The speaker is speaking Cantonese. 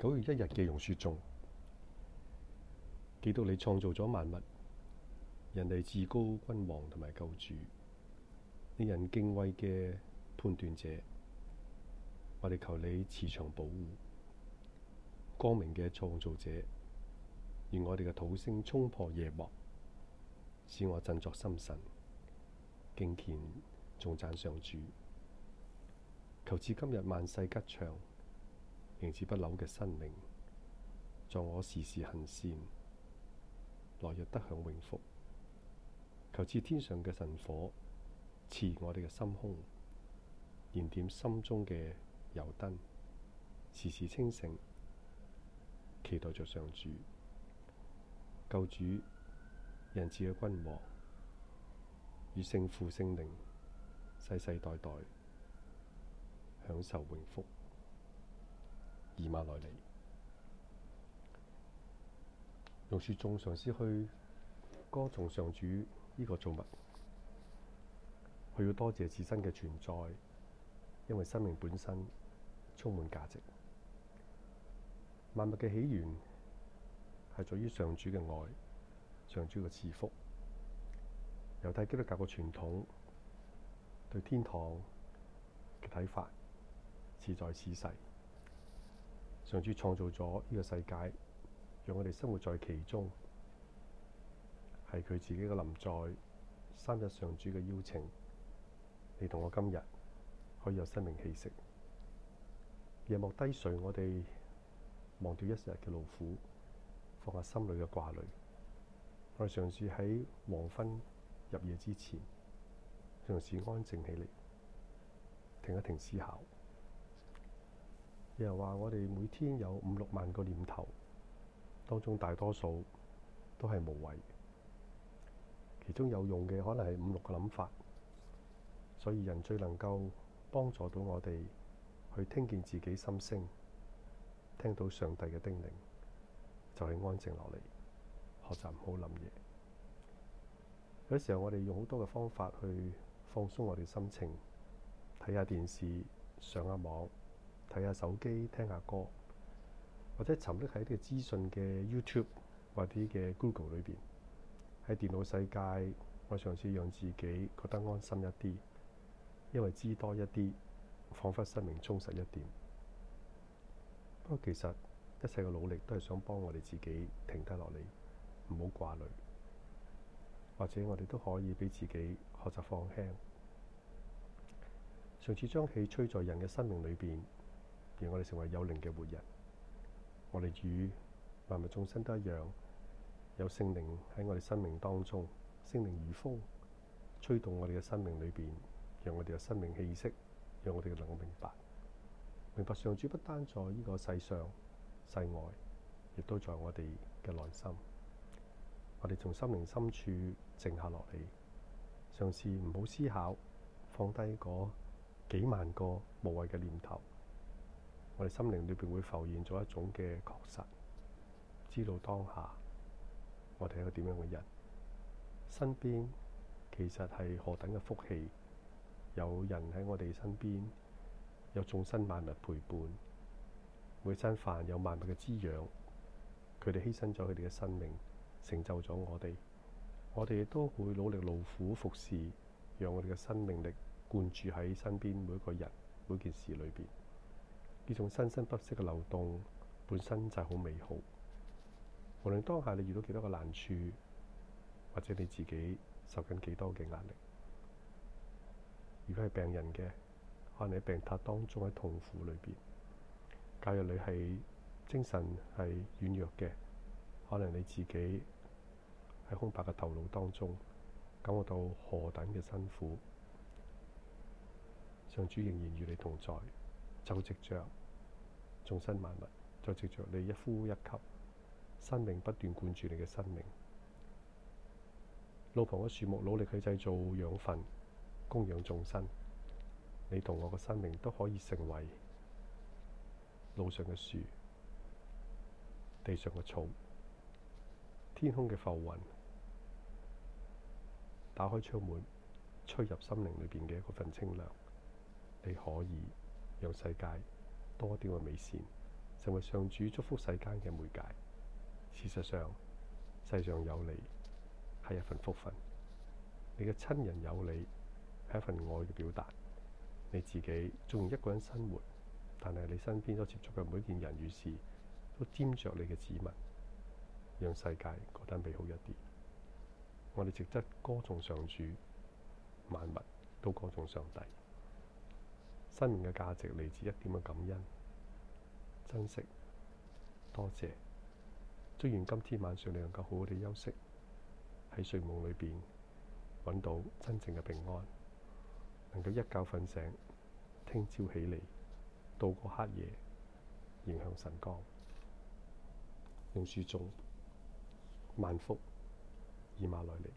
九月一日嘅榕樹中，記到你創造咗萬物，人哋至高君王同埋救主，令人敬畏嘅判斷者，我哋求你慈祥保護，光明嘅創造者，願我哋嘅土星衝破夜幕，使我振作心神，敬虔仲讚上主，求至今日萬世吉祥。凝志不朽嘅生命，助我時時行善，來日得享永福。求似天上嘅神火，熾我哋嘅心胸，燃點心中嘅油燈，時時清醒，期待着上主、救主、仁慈嘅君王，與聖父聖靈，世世代代享受永福。二萬來里，用樹仲嘗試去歌頌上主呢個造物，佢要多謝自身嘅存在，因為生命本身充滿價值。萬物嘅起源係在於上主嘅愛，上主嘅賜福。猶太基督教嘅傳統對天堂嘅睇法，似在此世。上主創造咗呢個世界，讓我哋生活在其中，係佢自己嘅臨在。三日上主嘅邀請，你同我今日可以有生命氣息。夜幕低垂，我哋忘掉一日嘅勞苦，放下心裏嘅掛慮。我哋嘗試喺黃昏入夜之前，嘗試安靜起嚟，停一停思考。有人話我哋每天有五六萬個念頭，當中大多數都係無謂，其中有用嘅可能係五六個諗法。所以人最能夠幫助到我哋去聽見自己心聲，聽到上帝嘅叮嚀，就係、是、安靜落嚟，學習唔好諗嘢。有時候我哋用好多嘅方法去放鬆我哋心情，睇下電視，上下網。睇下手機，聽下歌，或者沉溺喺啲資訊嘅 YouTube 或啲嘅 Google 裏邊。喺電腦世界，我嘗試讓自己覺得安心一啲，因為知多一啲，彷彿生命充實一點。不過其實一切嘅努力都係想幫我哋自己停低落嚟，唔好掛慮，或者我哋都可以俾自己學習放輕。嘗試將氣吹在人嘅生命裏邊。而我哋成為有靈嘅活人，我哋與萬物眾生都一樣，有聖靈喺我哋生命當中。聖靈如風，吹動我哋嘅生命裏邊，讓我哋嘅生命氣息，讓我哋能夠明白明白。上主不單在呢個世上、世外，亦都在我哋嘅內心。我哋從心靈深處靜下落嚟，嘗試唔好思考，放低嗰幾萬個無謂嘅念頭。我哋心靈裏邊會浮現咗一種嘅確實，知道當下我哋係一個點樣嘅人，身邊其實係何等嘅福氣，有人喺我哋身邊，有眾生萬物陪伴，每餐飯有萬物嘅滋養，佢哋犧牲咗佢哋嘅生命，成就咗我哋，我哋亦都會努力勞苦服侍，讓我哋嘅生命力灌注喺身邊每一個人、每件事裏邊。呢種生生不息嘅流動本身就係好美好。無論當下你遇到幾多個難處，或者你自己受緊幾多嘅壓力，如果係病人嘅，可能喺病榻當中喺痛苦裏邊；假若你係精神係軟弱嘅，可能你自己喺空白嘅頭腦當中，感覺到何等嘅辛苦。上主仍然與你同在，就藉着，眾生萬物，就藉着你一呼一吸，生命不斷灌注你嘅生命。路旁嘅樹木努力去製造養分，供養眾生。你同我嘅生命都可以成為路上嘅樹、地上嘅草、天空嘅浮雲。打開窗門，吹入心靈裏邊嘅一份清涼。你可以讓世界。多啲嘅美善，成為上主祝福世間嘅媒介。事實上，世上有你係一份福分，你嘅親人有你係一份愛嘅表達。你自己縱然一個人生活，但係你身邊所接觸嘅每件人與事，都沾着你嘅指紋，讓世界覺得美好一啲。我哋值得歌頌上主，萬物都歌頌上帝。新年嘅價值嚟自一點嘅感恩、珍惜、多謝。祝願今天晚上你能夠好好地休息，喺睡夢裏邊揾到真正嘅平安，能夠一覺瞓醒，聽朝起嚟渡過黑夜，迎向晨光，用樹種萬福，以馬內利。